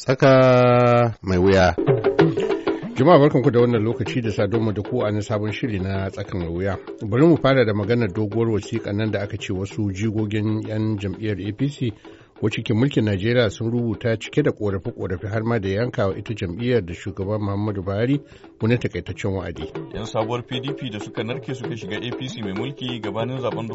Saka mai wuya. Jama'a barkanku da wannan lokaci da domin da ku a na sabon shiri na tsakan wuya. Bari mu fara da maganar doguwar wasiƙa nan da aka ce wasu jigogin 'yan jam'iyyar APC cikin mulkin najeriya sun rubuta cike da korafe-korafe har ma da yankawa ita jam'iyyar da shugaban muhammadu buhari wani takaitaccen wa'adi yan sabuwar pdp da suka narke suka shiga apc mai mulki gabanin zaben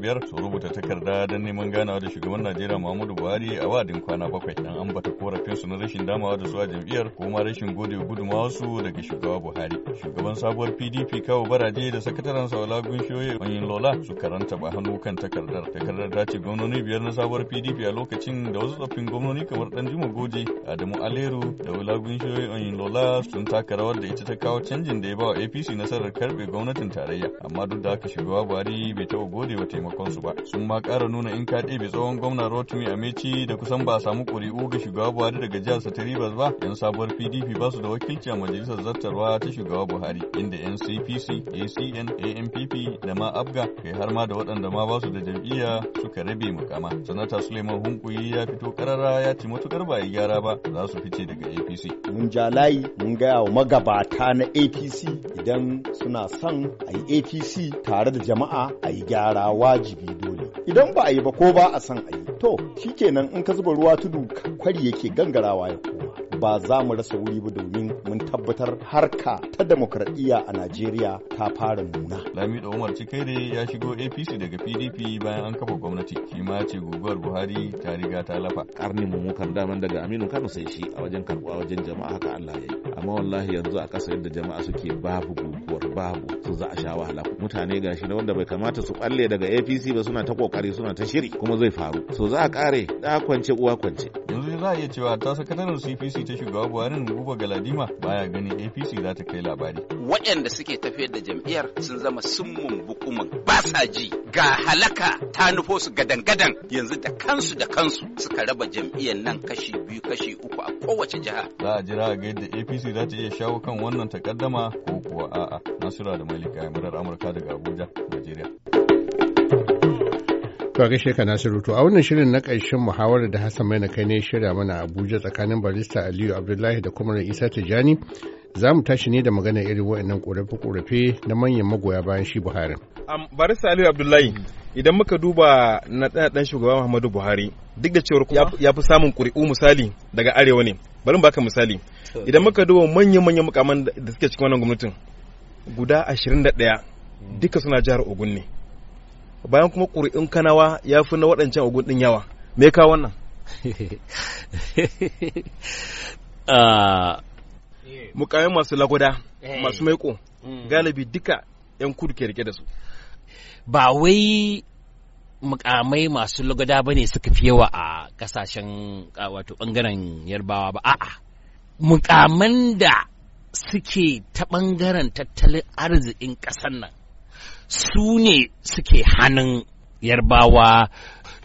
biyar sun rubuta takarda don neman ganawa da shugaban najeriya muhammadu buhari a wa'adin kwana bakwai dan ambata korafin su na rashin damawa da su a jam'iyyar ko ma rashin gode gudumawa su daga shugaba buhari shugaban sabuwar pdp kawo baraje da sakataren sa olagun shoye lola su karanta ba hannu kan takardar takardar ta ce gwamnoni biyar na sabuwar pdp gurbi a lokacin da wasu tsoffin gwamnoni kamar Danjuma Goje, Adamu Aleru da Olagun Shoyoyin Lola sun taka rawar da ita ta kawo canjin da ya ba wa APC nasarar karbe gwamnatin tarayya, amma duk da haka shugaba Buhari bai taɓa gode wa taimakon su ba. Sun ma ƙara nuna in ka ɗebe tsohon gwamna Rotimi Amechi da kusan ba a samu ƙuri'u ga shugaba Buhari daga sa ta Rivers ba, 'yan sabuwar PDP ba su da wakilci a majalisar zartarwa ta shugaba Buhari, inda NCPC, ACN, ANPP da ma ABGA kai har ma da waɗanda ma ba su da jam'iyya suka rabe mukama. Sanata Suleiman Ibrahim Hunkuyi ya fito karara ya ci matukar ba ya gyara ba za su fice daga APC. Mun ja layi mun gaya wa magabata na APC idan suna son a yi APC tare da jama'a a yi gyara wajibi dole. Idan ba a yi ba ko ba a son a yi to shikenan in ka zuba ruwa tudu kwari yake gangarawa ya koma. ba za mu rasa wuri ba domin mun tabbatar harka ta demokradiyya a Najeriya ta fara nuna. Lamido Umar Cikaire ya shigo APC daga PDP bayan an kafa gwamnati. Shi ma ce guguwar Buhari ta riga ta lafa. Karni kan daman daga Aminu Kano sai shi a wajen karɓuwa wajen jama'a haka Allah ya yi. amma wallahi yanzu a ƙasa yadda jama'a suke babu guguwar babu su za a sha wahala mutane gashi na wanda bai kamata su balle daga APC ba suna ta kokari suna ta shiri kuma zai faru so za a kare da kwance uwa kwance yanzu za a iya cewa ta sakataren CPC ta shugaba Buhari Buba Galadima baya ganin APC za ta kai labari waɗanda suke tafiyar da jam'iyyar sun zama summun bukumin ba sa ji ga halaka ta nufo su gadan-gadan yanzu da kansu da kansu suka raba jam'iyyar nan kashi biyu kashi uku a kowace jiha za a jira ga yadda APC APC za ta iya shawo kan wannan takaddama ko kuwa a'a. Nasura da Malika murar Amurka daga Abuja, Najeriya. To gaishe ka Nasiru a wannan shirin na ƙarshen muhawarar da Hassan Maina kai ne shirya mana Abuja tsakanin barista Aliyu Abdullahi da kuma Isa Tijani za mu tashi ne da magana irin wa'inan ƙorafe-ƙorafe na manyan magoya bayan shi Buhari. barista Aliyu Abdullahi idan muka duba na ɗan shugaba Muhammadu Buhari duk da cewar ya fi samun ƙuri'u misali daga arewa ne bari baka misali idan muka duba manyan manyan mukaman da suke cikin wannan gwamnatin guda 21 hmm. duka suna jihar Ogun ne bayan kuma ƙuri'un kanawa ya fi na waɗancan Ogun din yawa me ka wannan ah. mukamin masu lagoda eh. masu maiko hmm. galibi duka yan kudu ke rike da su ba wai mukamai masu lugada ba ne suka fi yawa a kasashen wato bangaren yarbawa ba a'a mukaman da suke ta bangaren tattalin arzikin ƙasar nan su ne suke hannun yarbawa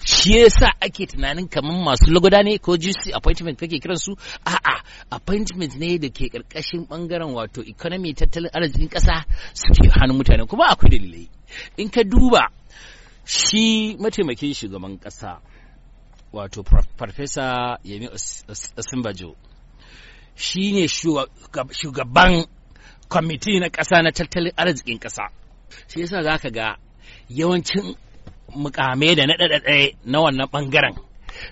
shi yasa ake tunanin kamar masu lagoda ne ko GC appointment kake kiran su a'a appointment ne da ke karkashin bangaren wato economy tattalin arzikin kasa suke hannun mutane kuma akwai dalilai in ka duba shi mataimakin shugaban ƙasa wato farfesa yemi Asimbajo shi ne shugaban kwamiti na ƙasa na tattalin arzikin ƙasa shi yasa za ka ga yawancin mukame da na ɗaɗaɗe na wannan ɓangaren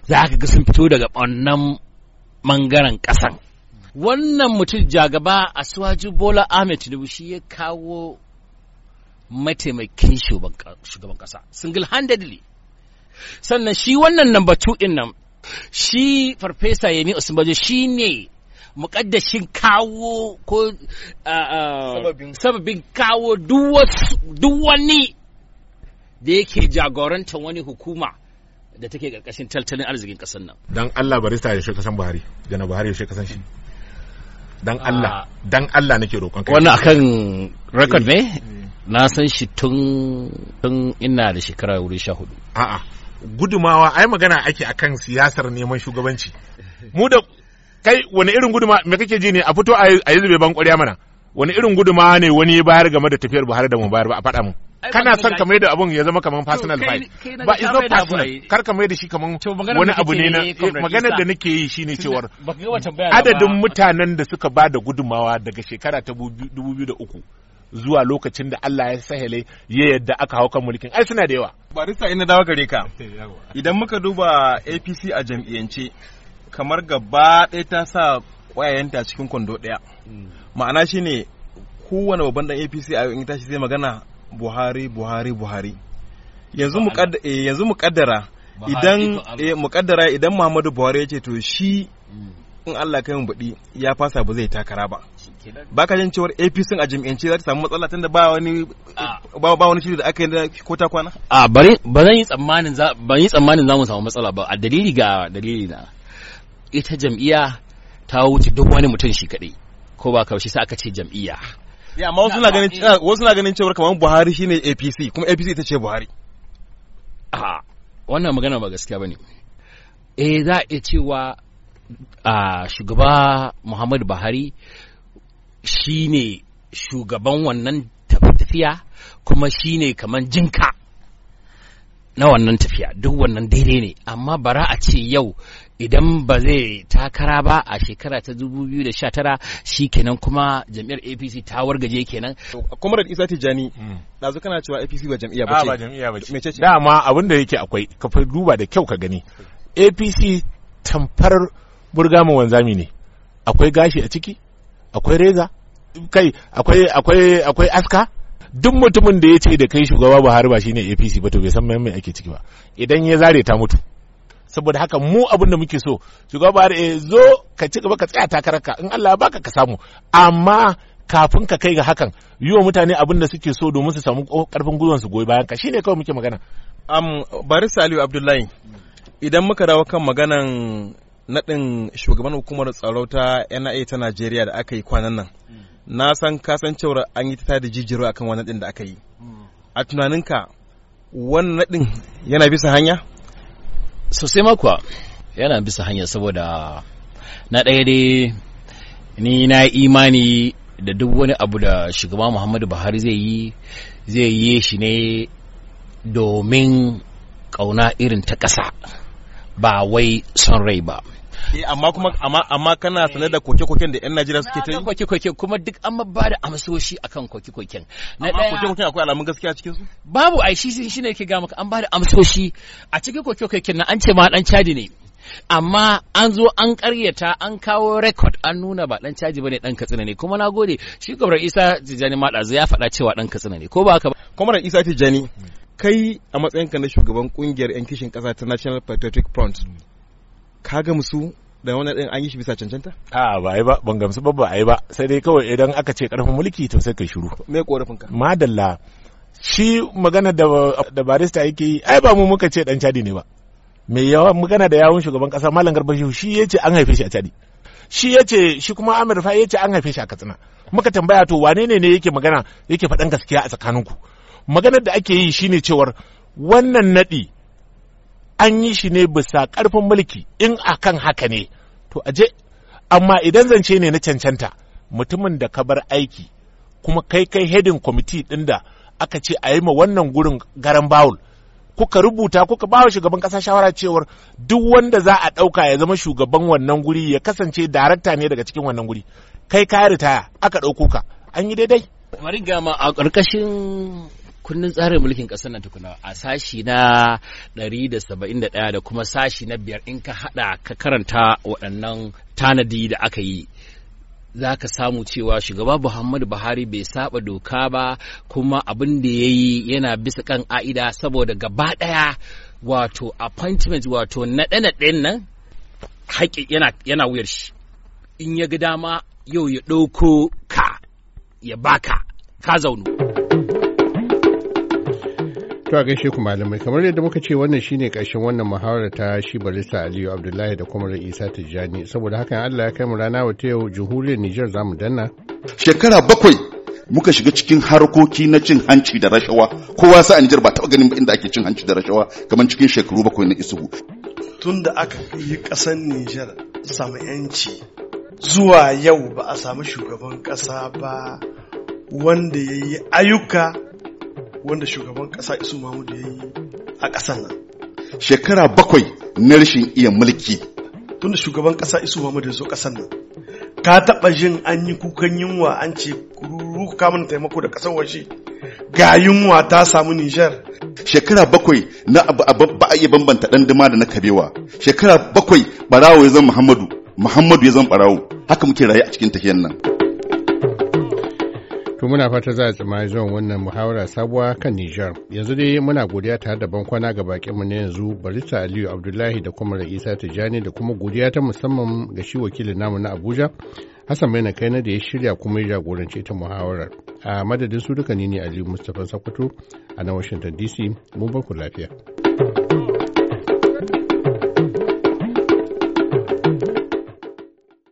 za ka ga sun fito daga wannan ɓangaren ƙasan wannan mutum jagaba a suwaji bola ahmed tinubu shi ya kawo mataimakin shugaban kasa single handedly sannan shi wannan number two din nan shi farfesa yemi osinbajo shi ne mukaddashin kawo ko sababin kawo duk wani da yake jagorantar wani hukuma da take karkashin tattalin arzikin kasar nan don Allah barista ya shi kasan Buhari jana Buhari ya shi kasan shi don Allah don Allah nake roƙon kai wannan akan record ne eh. na san shi tun tun ina da shekara wuri sha hudu a'a gudumawa ai magana ake akan siyasar neman shugabanci mu da kai wani irin guduma me kake ji ne a fito a yi zube ban ƙwarya mana wani irin guduma ne wani ya bayar game da tafiyar Buhari da mu bayar ba a faɗa mu kana son ka da abun ya zama kaman personal fight ba is not personal kar ka mai da shi kaman wani abu ne na maganar da nake yi shine cewar adadin mutanen da suka ba da gudumawa daga shekara ta 2003 zuwa lokacin da Allah ya sahale ya yadda aka hau kan mulkin ai suna da yawa barista ina dawo gare ka idan muka duba APC a jam'iyyance kamar gaba ɗaya ta sa kwayayenta cikin kwando ɗaya hmm. ma'ana shine kowane babban dan APC a yau tashi zai magana Buhari Buhari Buhari yanzu mu eh, kaddara idan eh, mukaddara idan Muhammadu Buhari ya ce to shi hmm. in Allah kai mu baɗi ya fasa ba zai takara ba ba ka jin cewar APC a jami'ance za ta samu matsala tunda ba wani ba ba wani shiri da aka yi ko ta kwana a bari ba zan yi tsammanin za ban yi tsammanin za mu samu matsala ba a dalili ga dalili na ita jam'iyya ta wuce duk wani mutum shi kadai ko ba kaushe sai aka ce jam'iyya ya amma wasu na ganin wasu na ganin cewar kamar Buhari shine APC kuma APC ita ce Buhari a wannan magana ba gaskiya bane eh za a iya cewa uh, shugaba muhammadu buhari shi ne shugaban wannan tafiya kuma shi ne kamar jinka na wannan tafiya duk wannan daidai ne amma bara a ce yau idan ba zai takara ba a shekara ta 2019 shi kenan kuma jam'iyyar apc ta wargaje kenan kuma da isa tijani hmm. ɗazu kana cewa apc ah, ba jam'iyya ba ce ba jam'iyya ba ce dama abin da yake akwai ka duba da kyau ka gani apc tamfar burga mu wanzami ne akwai gashi a ciki akwai reza kai akwai akwai akwai aska duk mutumin da ya ce da kai shugaba Buhari ba shine APC ba to bai san mai ake ciki ba idan ya zare ta mutu saboda haka mu abin da muke so shugaba Buhari eh, zo ka ci gaba ka tsaya takararka in Allah ya baka ka samu amma kafin ka kai ga hakan yiwa mutane abin da suke so domin su samu karfin gwiwan su goyi bayan ka shine kawai muke magana am bari Abdullahi idan muka dawo kan maganan naɗin shugaban hukumar tsaro ta NIA ta Najeriya da aka yi kwanan nan. Na san cewar an yi ta da jijiro akan wani naɗin da aka yi. A tunaninka wani naɗin yana bisa hanya? Sosai makwa yana bisa hanya saboda na ɗaya dai ni na imani da duk wani abu da shugaban Muhammadu Buhari zai yi zai yi shi ne domin ƙauna irin ta ƙasa ba wai son rai ba. Eh, amma kuma amma kana sanar da koke-koken da 'yan Najeriya suke ta yi koke-koke kuma duk an ba da amsoshi akan koke-koken na daya koke-koken akwai alamun gaskiya cikin su babu ai shi ne ke ga maka an ba da amsoshi a cikin koke-koken na an ce ma dan cadi ne amma an zo an karyata an kawo rekod an nuna ba dan caji bane dan katsina ne kuma na gode shi kamar isa tijjani maɗazu ya faɗa cewa dan katsina ne ko ba haka ba Kamar isa tijjani kai a matsayinka na shugaban kungiyar yan kishin ƙasa ta national patriotic front ka gamsu da wani ɗin an yi shi bisa cancanta? A ba yi ba ban gamsu ba ba yi ba sai dai kawai idan aka ce karfin mulki to sai kai shiru. Me ƙorafin ka? Madalla shi magana da da barista yake yi ai ba mu muka ce dan cadi ne ba. Me yawa magana da yawun shugaban kasa Malam Garba shi ya ce an haife shi a cadi. Shi ya ce shi kuma Amir Fa ce an haife shi a Katsina. Muka tambaya to wane ne ne yake magana yake faɗan gaskiya a tsakaninku. Maganar da ake yi shine cewar wannan nadi an yi shi ne bisa ƙarfin mulki in akan haka ne to aje amma idan zance ne na cancanta mutumin da ka bar aiki kuma kai kai hedin kwamiti ɗin da aka ce a yi ma wannan gurin garan bawul kuka rubuta kuka bawa shugaban ƙasa shawara cewar duk wanda za a ɗauka ya zama shugaban wannan guri ya kasance darakta ne daga cikin wannan guri kai ka ritaya aka ɗauko ka an yi daidai bari gama a ƙarƙashin kundin tsarin mulkin ƙasar nan tukuna a sashi na 171 da kuma sashi na biyar in ka hada ka karanta waɗannan tanadi da aka yi za ka samu cewa shugaba Muhammadu Buhari bai saba doka ba kuma abin da ya yi yana bisa kan a'ida saboda gaba ɗaya wato appointment wato naɗe naɗe nan haƙi yana wuyar shi in ya ga dama yau ya ɗauko ka ya baka ka zaunu. To a gaishe ku malamai kamar yadda muka ce wannan shine ƙarshen wannan muhawara ta shi barista Aliyu Abdullahi da kuma Isa Tijjani saboda haka Allah ya kai mu rana wa ta yau jihuriyar Nijar zamu danna. Shekara bakwai muka shiga cikin harkoki na cin hanci da rashawa kowa sa a Nijar ba taɓa ganin inda ake cin hanci da rashawa kamar cikin shekaru bakwai na isuhu. Tun da aka yi ƙasar Nijar samu 'yanci zuwa yau ba a samu shugaban ƙasa ba wanda ya yi ayyuka wanda shugaban ƙasa isu Mahmud ya yi a ƙasar nan shekara bakwai na rashin iya mulki tun shugaban kasa isu Mahmud ya zo ƙasar nan ka taɓa jin an yi kukan yunwa an ce kuru kamun taimako da ƙasar waje ga yunwa ta samu nijar shekara bakwai na ba a iya bambanta ɗan dama da na kabewa shekara bakwai barawo ya zama muhammadu muhammadu ya zama barawo haka muke rayu a cikin tafiyan nan To muna fata za a tsima zuwan wannan muhawara sabuwa kan Nijar. Yanzu dai muna godiya tare da bankwana ga mu na yanzu Barista Aliyu Abdullahi da kuma Ra'isa Tijjani da kuma godiya ta musamman ga shi wakilin namu na Abuja. Hassan Maina Kaina da ya shirya kuma ya jagorance ta muhawarar. A madadin su duka ni ne Aliyu Mustapha Sokoto a na Washington DC. Mun bar ku lafiya.